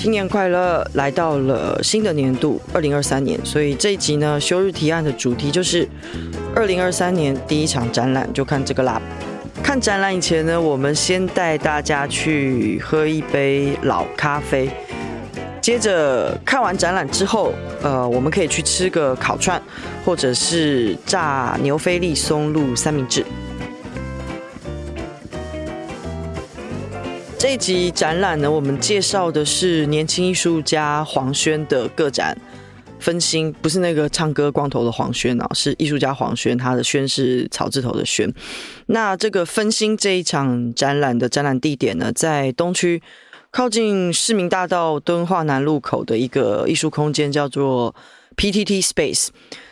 新年快樂！來到了新的年度二零二三年，所以這一集呢，休日提案的主題就是二零二三年第一場展覽，就看這個啦。看展覽以前呢，我們先帶大家去喝一杯老咖啡。接着看完展覽之後，呃，我們可以去吃個烤串，或者是炸牛菲力松露三明治。這集展覽呢，我們介紹的是年輕藝術家黃萱的個展《分心》，不是那個唱歌光頭的黃宣啊，是藝術家黃萱，他的“萱”是草字頭的“萱”。那這個《分心》這一場展覽的展覽地點呢，在東區靠近市民大道敦化南路口的一個藝術空間，叫做 PTT Space。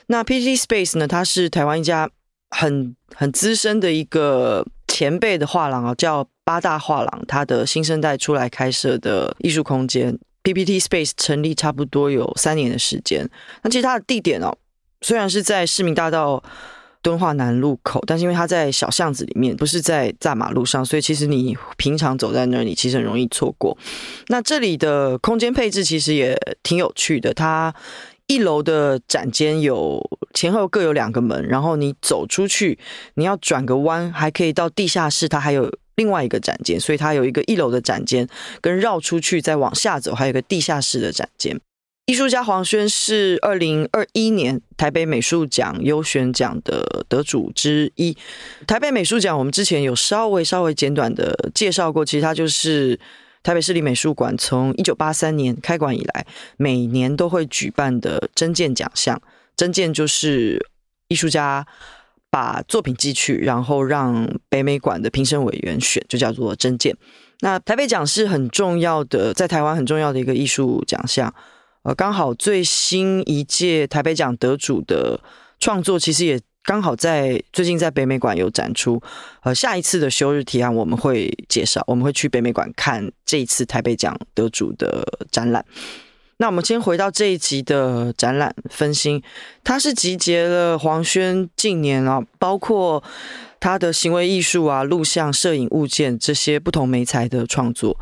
那 PTT Space 呢，它是台灣一家很很資深的一個前輩的畫廊啊，叫。八大畫廊，它的新生代出來開設的藝術空間 PTT Space 成立差不多有三年的時間。那其實它的地點哦，雖然是在市民大道敦化南路口，但是因為它在小巷子裡面，不是在大馬路上，所以其實你平常走在那裡其實很容易錯過。那這裡的空間配置其實也挺有趣的，它一樓的展間有前後各有兩個門，然後你走出去，你要轉個彎，還可以到地下室，它還有。另外一個展間，所以它有一個一樓的展間，跟繞出去再往下走，還有一個地下室的展間。藝術家黃萱是二零二一年台北美術獎優選獎的得主之一。台北美術獎，我們之前有稍微稍微簡短的介紹過，其實它就是台北市立美術館從一九八三年開館以來每年都會舉辦的徵件獎項。徵件就是藝術家，把作品寄去，然後讓北美館的評審委員選，就叫做徵件。那台北獎是很重要的，在台灣很重要的一個藝術獎項。呃，剛好最新一屆台北獎得主的創作，其實也剛好在最近在北美館有展出。呃，下一次的休日提案我們會介紹，我們會去北美館看這一次台北獎得主的展覽。那我們先回到這一集的展覽分心，它是集結了黃萱近年啊，包括他的行為藝術啊、錄像、攝影、物件這些不同媒材的創作。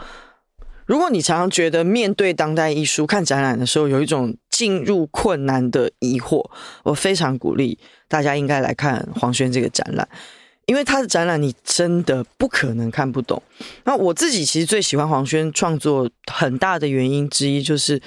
如果你常常覺得面對當代藝術看展覽的時候有一種進入困難的疑惑，我非常鼓勵大家應該來看黃萱這個展覽。因為他的展覽，你真的不可能看不懂。那我自己其實最喜歡黃萱創作，很大的原因之一就是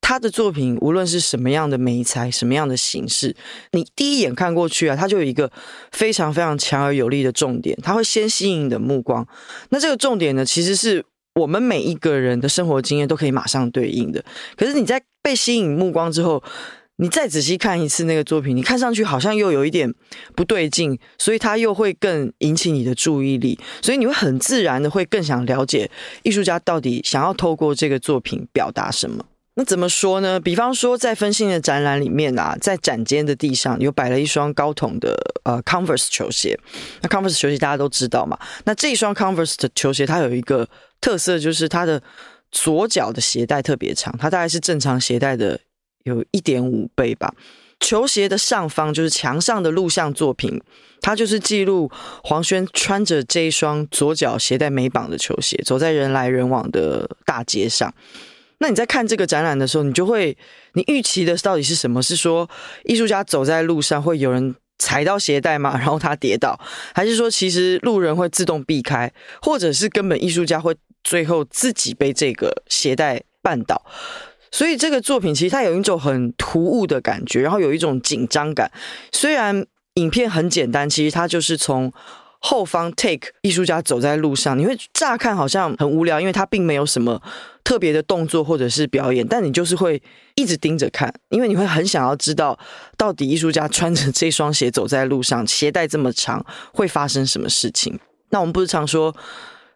他的作品，無論是什麼樣的媒材、什麼樣的形式，你第一眼看過去啊，他就有一個非常非常強而有力的重點，他會先吸引你的目光。那這個重點呢，其實是我們每一個人的生活經驗都可以馬上對應的。可是你在被吸引目光之後，你再仔細看一次那個作品，你看上去好像又有一點不對勁，所以它又會更引起你的注意力，所以你會很自然的會更想了解藝術家到底想要透過這個作品表達什麼。那怎麼說呢？比方說，在分心的展覽裡面啊，在展間的地上有擺了一雙高筒的呃 Converse 球鞋。那 Converse 球鞋大家都知道嘛？那這一雙 Converse 的球鞋它有一個特色，就是它的左腳的鞋帶特別長，它大概是正常鞋帶的。1 有一點五倍吧。球鞋的上方就是牆上的錄像作品，它就是記錄黃軒穿着這一雙左腳鞋帶沒綁的球鞋，走在人來人往的大街上。那你在看這個展覽的時候，你就會，你預期的到底是什麼？是說藝術家走在路上會有人踩到鞋帶嗎？然後他跌倒，還是說其實路人會自動避開，或者是根本藝術家會最後自己被這個鞋帶絆倒？所以這個作品其實它有一種很突兀的感覺，然後有一種緊張感。雖然影片很簡單，其實它就是從後方 take 藝術家走在路上。你會乍看好像很無聊，因為他並沒有什麼特別的動作或者是表演，但你就是會一直盯着看，因為你會很想要知道到底藝術家穿着這雙鞋走在路上，鞋帶這麼長會發生什麼事情。那我們不是常說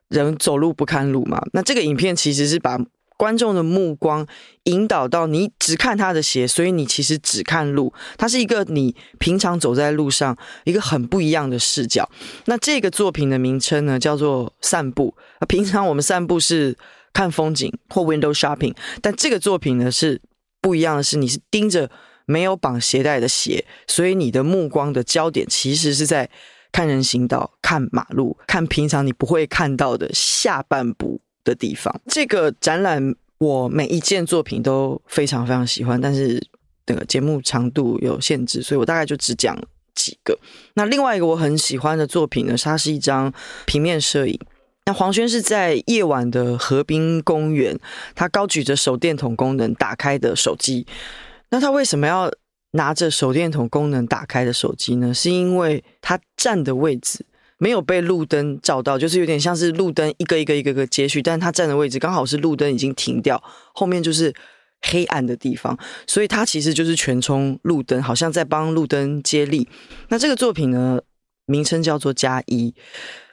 人走路不看路嘛？那這個影片其實是把觀眾的目光引導到你，只看他的鞋，所以你其實只看路。它是一個你平常走在路上一個很不一樣的視角。那這個作品的名稱呢，叫做《散步》。平常我們散步是看風景或 window shopping，但這個作品呢是不一樣的是，是你是盯着沒有綁鞋帶的鞋，所以你的目光的焦點其實是在看人行道、看馬路、看平常你不會看到的下半部的地方。這個展覽我每一件作品都非常非常喜歡，但是那個節目長度有限制，所以我大概就只講幾個。那另外一個我很喜歡的作品呢，它是一張平面攝影。那黃萱是在夜晚的河濱公園，他高舉着手電筒功能打開的手機。那他為什麼要拿着手電筒功能打開的手機呢？是因為他站的位置。沒有被路燈照到，就是有點像是路燈一個一個一個一個接續，但是他站的位置剛好是路燈已經停掉，後面就是黑暗的地方，所以他其實就是權充路燈，好像在幫路燈接力。那這個作品呢，名稱叫做加一。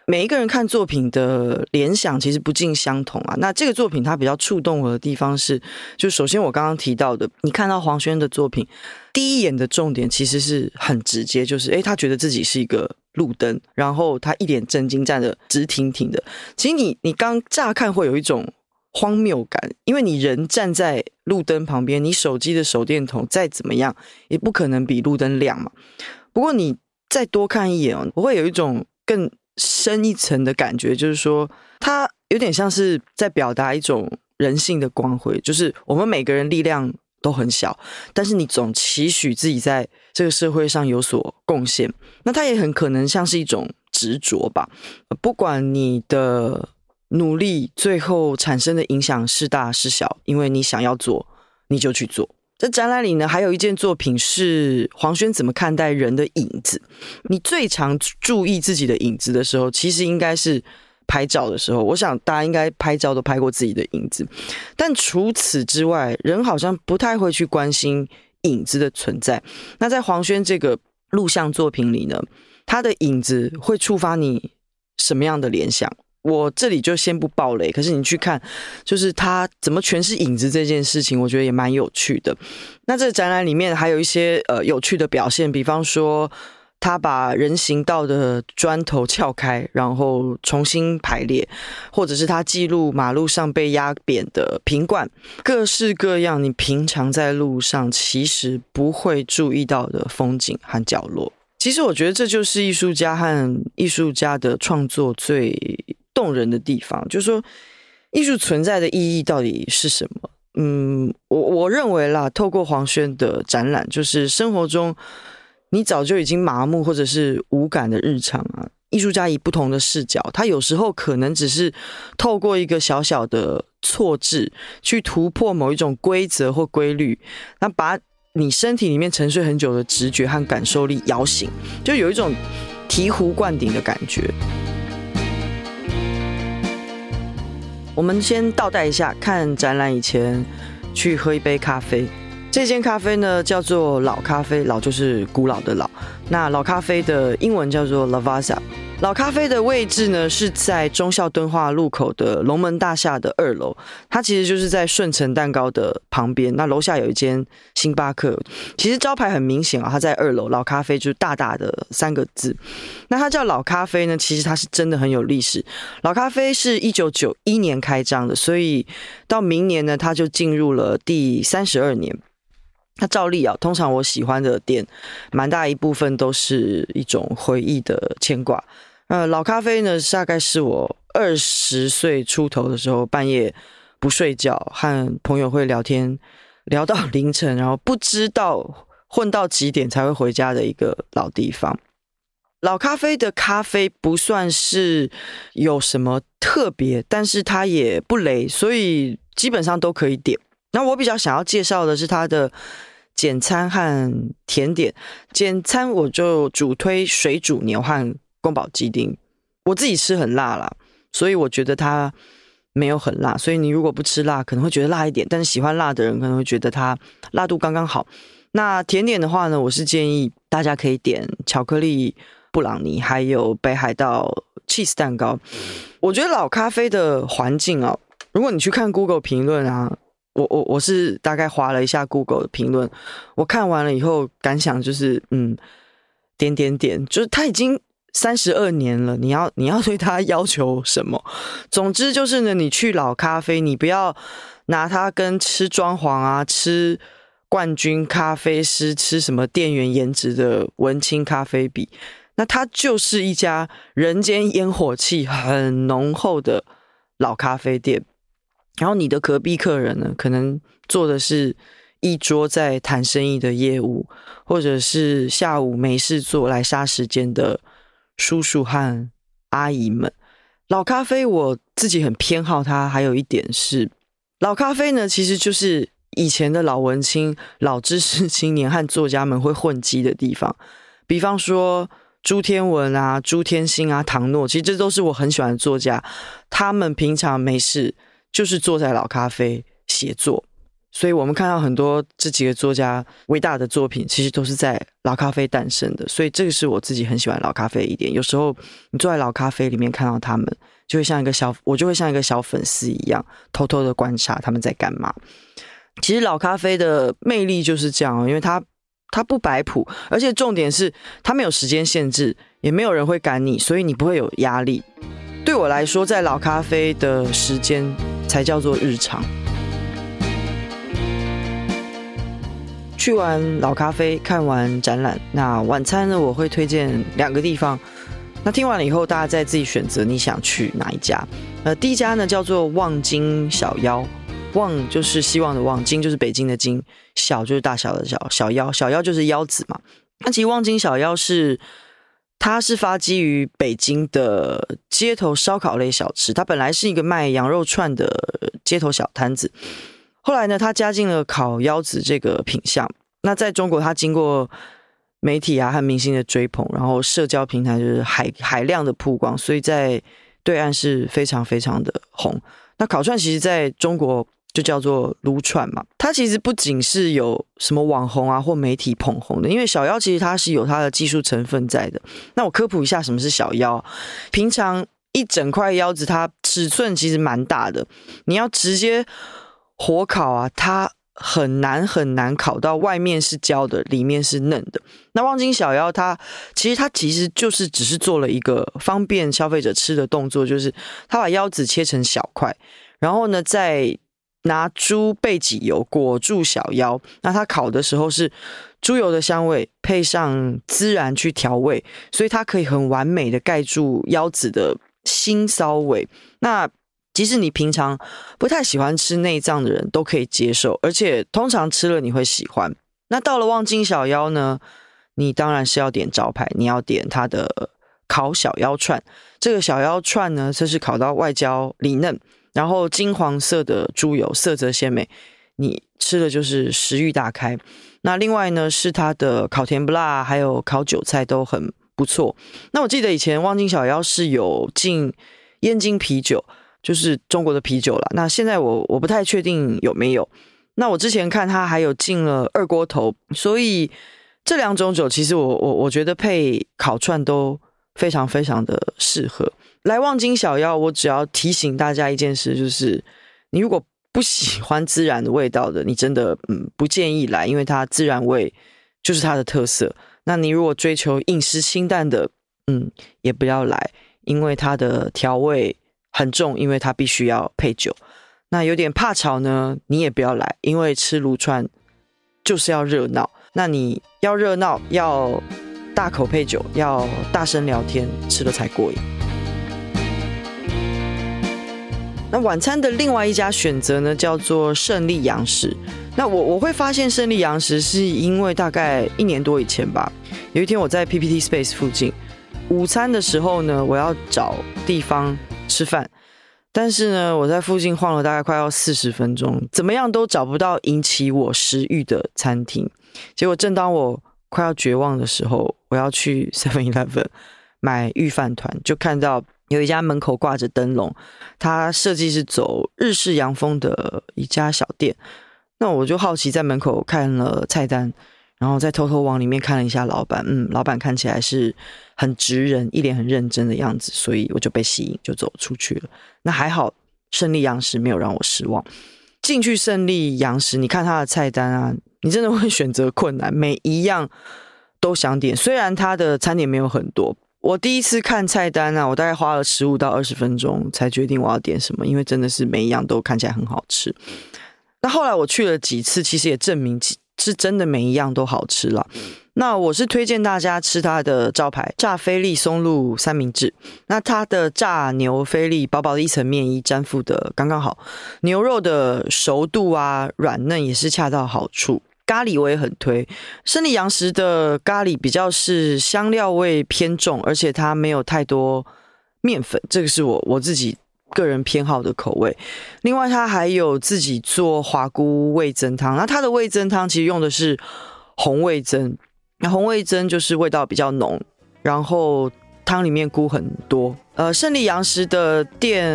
每一個人看作品的聯想其實不盡相同啊。那這個作品它比較觸動我的地方是，就首先我剛剛提到的，你看到黃萱的作品第一眼的重點其實是很直接，就是誒、欸、他覺得自己是一個路燈，然後他一臉震驚，站着直挺挺的。其實你你剛乍看會有一種荒謬感，因為你人站在路燈旁邊，你手機的手電筒再怎麼樣也不可能比路燈亮嘛。不過你再多看一眼我、喔、會有一種更。深一層的感覺，就是說，它有點像是在表達一種人性的光輝。就是我們每個人力量都很小，但是你總期許自己在這個社會上有所貢獻。那它也很可能像是一種執着吧。不管你的努力最後產生的影響是大是小，因為你想要做，你就去做。這展覽裡呢，還有一件作品是黃萱怎麼看待人的影子。你最常注意自己的影子的時候，其實應該是拍照的時候。我想大家應該拍照都拍過自己的影子，但除此之外，人好像不太會去關心影子的存在。那在黃萱這個錄像作品裡呢，他的影子會觸發你什麼樣的聯想？我這裡就先不爆雷，可是你去看，就是他怎麼全是影子這件事情，我覺得也蠻有趣的。那這展覽裡面還有一些呃有趣的表現，比方說他把人行道的磚頭撬開，然後重新排列，或者是他記錄馬路上被壓扁的瓶罐，各式各樣你平常在路上其實不會注意到的風景和角落。其實我覺得這就是藝術家和藝術家的創作最動人的地方，就是說，藝術存在的意義到底是什麼？嗯，我我認為啦，透過黃萱的展覽，就是生活中你早就已經麻木或者是無感的日常啊，藝術家以不同的視角，他有時候可能只是透過一個小小的錯置，去突破某一種規則或規律，那把你身體裡面沉睡很久的直覺和感受力搖醒，就有一種醍醐灌頂的感覺。我們先倒帶一下，看展覽以前去喝一杯咖啡。這間咖啡呢叫做老咖啡，老就是古老的老。那老咖啡的英文叫做 Lavazza 老咖啡的位置呢，是在忠孝敦化路口的龍門大廈的二樓。它其實就是在順成蛋糕的旁邊。那樓下有一間星巴克，其實招牌很明顯啊，它在二樓。老咖啡就大大的三個字。那它叫老咖啡呢，其實它是真的很有歷史。老咖啡是一九九一年開張的，所以到明年呢，它就進入了第三十二年。那照例啊，通常我喜歡的店，蠻大一部分都是一種回憶的牽掛。呃，老咖啡呢，大概是我二十歲出頭的時候，半夜不睡覺和朋友會聊天，聊到凌晨，然後不知道混到幾點才會回家的一個老地方。老咖啡的咖啡不算是有什麼特別，但是它也不雷，所以基本上都可以點。那我比較想要介紹的是它的簡餐和甜點。簡餐我就主推水煮牛和。宮保雞丁，我自己吃很辣啦，所以我覺得它沒有很辣。所以你如果不吃辣，可能會覺得辣一點，但是喜歡辣的人可能會覺得它辣度剛剛好。那甜點的話呢，我是建議大家可以點巧克力布朗尼，還有北海道 cheese 蛋糕。我覺得老咖啡的環境啊，如果你去看 Google 評論啊，我我我是大概划了一下 Google 的評論，我看完了以後感想就是，嗯，點點點，就是他已經。三十二年了，你要你要對他要求什麼？總之就是呢，你去老咖啡，你不要拿它跟吃裝潢啊、吃冠軍咖啡師、吃什麼店員顏值的文青咖啡比。那它就是一家人間煙火氣很濃厚的老咖啡店。然後你的隔壁客人呢，可能做的是一桌在談生意的業務，或者是下午沒事做來殺時間的。叔叔和阿姨們，老咖啡我自己很偏好它。還有一點是，老咖啡呢，其實就是以前的老文青、老知識青年和作家們會混跡的地方。比方說朱天文啊、朱天心啊、唐諾，其實這都是我很喜歡的作家，他們平常沒事就是坐在老咖啡寫作。所以我們看到很多這幾個作家偉大的作品，其實都是在老咖啡誕生的。所以這個是我自己很喜歡老咖啡一點。有時候你坐在老咖啡裡面看到他們，就會像一個小，我就會像一個小粉絲一樣，偷偷的觀察他們在幹嘛。其實老咖啡的魅力就是這樣，因為它它不擺譜，而且重點是它沒有時間限制，也沒有人會趕你，所以你不會有壓力。對我來說，在老咖啡的時間才叫做日常。去完老咖啡，看完展覽，那晚餐呢？我會推薦兩個地方。那聽完了以後，大家再自己選擇你想去哪一家。呃，第一家呢叫做望京小腰，望就是希望的望，京就是北京的京，小就是大小的小小腰，小腰就是腰子嘛。那其實望京小腰是，它是發跡於北京的街頭燒烤類小吃，它本來是一個賣羊肉串的街頭小攤子，後來呢，它加進了烤腰子這個品項。那在中國，它經過媒體啊和明星的追捧，然後社交平台就是海海量的曝光，所以在對岸是非常非常的紅。那烤串其實在中國就叫做擼串嘛，它其實不僅是有什麼網紅啊或媒體捧紅的，因為小腰其實它是有它的技術成分在的。那我科普一下什麼是小腰，平常一整塊腰子它尺寸其實蠻大的，你要直接火烤啊，它。很難很難烤到外面是焦的，裡面是嫩的。那望京小腰它其實它其實就是只是做了一個方便消費者吃的動作，就是它把腰子切成小塊，然後呢再拿豬背脊油裹住小腰。那它烤的時候是豬油的香味配上孜然去調味，所以它可以很完美的蓋住腰子的腥騷味。那其實你平常不太喜歡吃內臟的人都可以接受，而且通常吃了你會喜歡。那到了望京小腰呢，你當然是要點招牌，你要點它的烤小腰串。這個小腰串呢，它是烤到外焦裡嫩，然後金黃色的豬油，色澤鮮美，你吃的就是食慾大開。那另外呢，是它的烤甜不辣，還有烤韭菜都很不錯。那我記得以前望京小腰是有進燕京啤酒。就是中國的啤酒啦。那現在我我不太確定有沒有。那我之前看他還有進了二鍋頭，所以這兩種酒其實我我我覺得配烤串都非常非常的適合。來望京小腰，我只要提醒大家一件事，就是你如果不喜歡孜然的味道的，你真的嗯不建議來，因為它孜然味就是它的特色。那你如果追求飲食清淡的，嗯也不要來，因為它的調味很重，因為它必須要配酒。那有點怕吵呢，你也不要來，因為吃擼串就是要熱鬧。那你要熱鬧，要大口配酒，要大聲聊天，吃了才過癮。那晚餐的另外一家選擇呢，叫做勝利洋食。那我我會發現勝利洋食是因為大概一年多以前吧，有一天我在 PTT Space 附近，午餐的時候呢，我要找地方。吃飯，但是呢，我在附近晃了大概快要四十分鐘，怎麼樣都找不到引起我食欲的餐廳。結果正當我快要絕望的時候，我要去 Seven Eleven 買御飯糰，就看到有一家門口掛着燈籠，它設計是走日式洋風的一家小店。那我就好奇，在門口看了菜單。然後再偷偷往裡面看了一下，老板，嗯，老闆看起來是很直人，一臉很認真的樣子，所以我就被吸引，就走出去了。那還好，勝利洋食沒有讓我失望。進去勝利洋食，你看他的菜單啊，你真的會選擇困難，每一樣都想點。雖然他的餐點沒有很多，我第一次看菜單啊，我大概花了十五到二十分鐘才決定我要點什麼，因為真的是每一樣都看起來很好吃。那後來我去了幾次，其實也證明。是真的每一樣都好吃了，那我是推薦大家吃它的招牌炸菲力松露三明治。那它的炸牛菲力，薄薄的一層麵衣沾附得剛剛好，牛肉的熟度啊，軟嫩也是恰到好處。咖喱我也很推，勝利洋食的咖喱比較是香料味偏重，而且它沒有太多麵粉，這個是我我自己。個人偏好的口味，另外他還有自己做滑菇味噌湯。那他的味噌湯其實用的是紅味噌，那紅味噌就是味道比較濃，然後湯裡面菇很多。呃，勝利洋食的店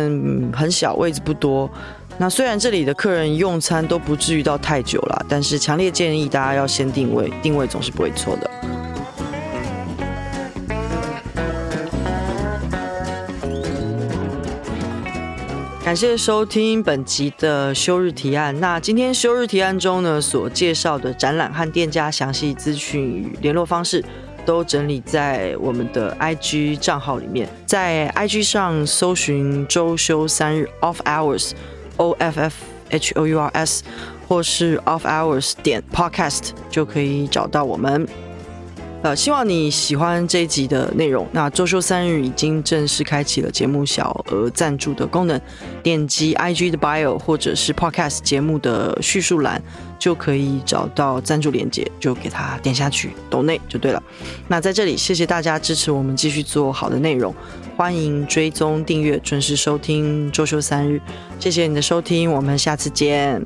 很小，位置不多。那雖然這裡的客人用餐都不至於到太久啦，但是強烈建議大家要先定位，定位總是不會錯的。感謝收聽本集的休日提案。那今天休日提案中呢，所介紹的展覽和店家詳細資訊與聯絡方式，都整理在我們的 IG 賬號裡面。在 IG 上搜尋“週休三日 Off Hours”（O F F H O U R S） 或是 “Off Hours” 點 Podcast 就可以找到我們。呃，希望你喜歡這一集的內容。那週休三日已經正式開啟了節目小額贊助的功能，點擊 IG 的 bio 或者是 Podcast 節目的敘述欄，就可以找到贊助鏈接，就給它點下去，Donate 就對了。那在這裡，謝謝大家支持我們繼續做好的內容，歡迎追蹤訂閱，準時收聽週休三日。謝謝你的收聽，我們下次見。